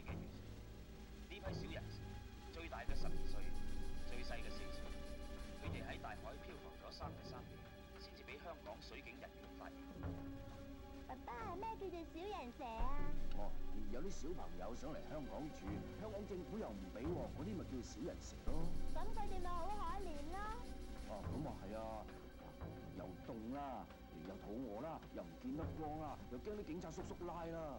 呢批小人，最大嘅十二歲，最細嘅四歲，佢哋喺大海漂浮咗三日三夜，先至俾香港水警人員發現。爸爸，咩叫做小人蛇啊？哦，有啲小朋友想嚟香港住，香港政府又唔俾喎，嗰啲咪叫小人蛇咯。咁佢哋咪好可憐咯。哦、啊，咁啊係啊，又凍啦，又肚餓啦，又唔見得光啦，又驚啲警察叔叔拉啦。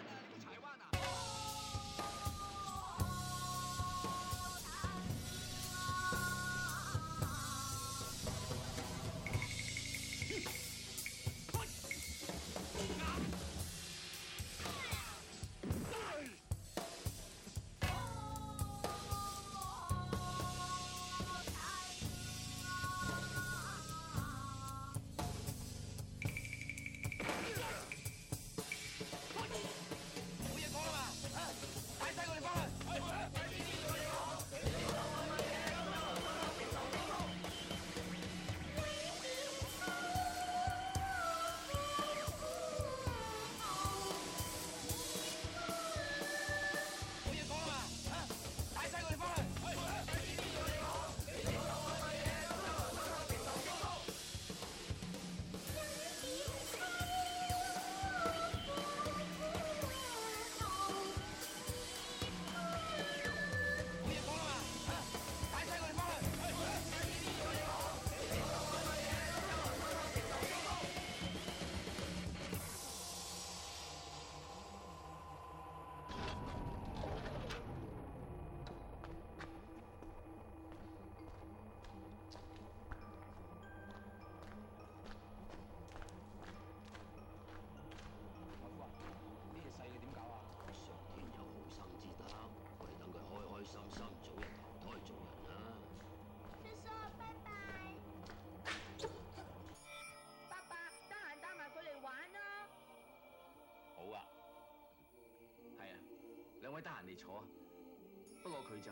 得閒嚟坐啊！不過佢就。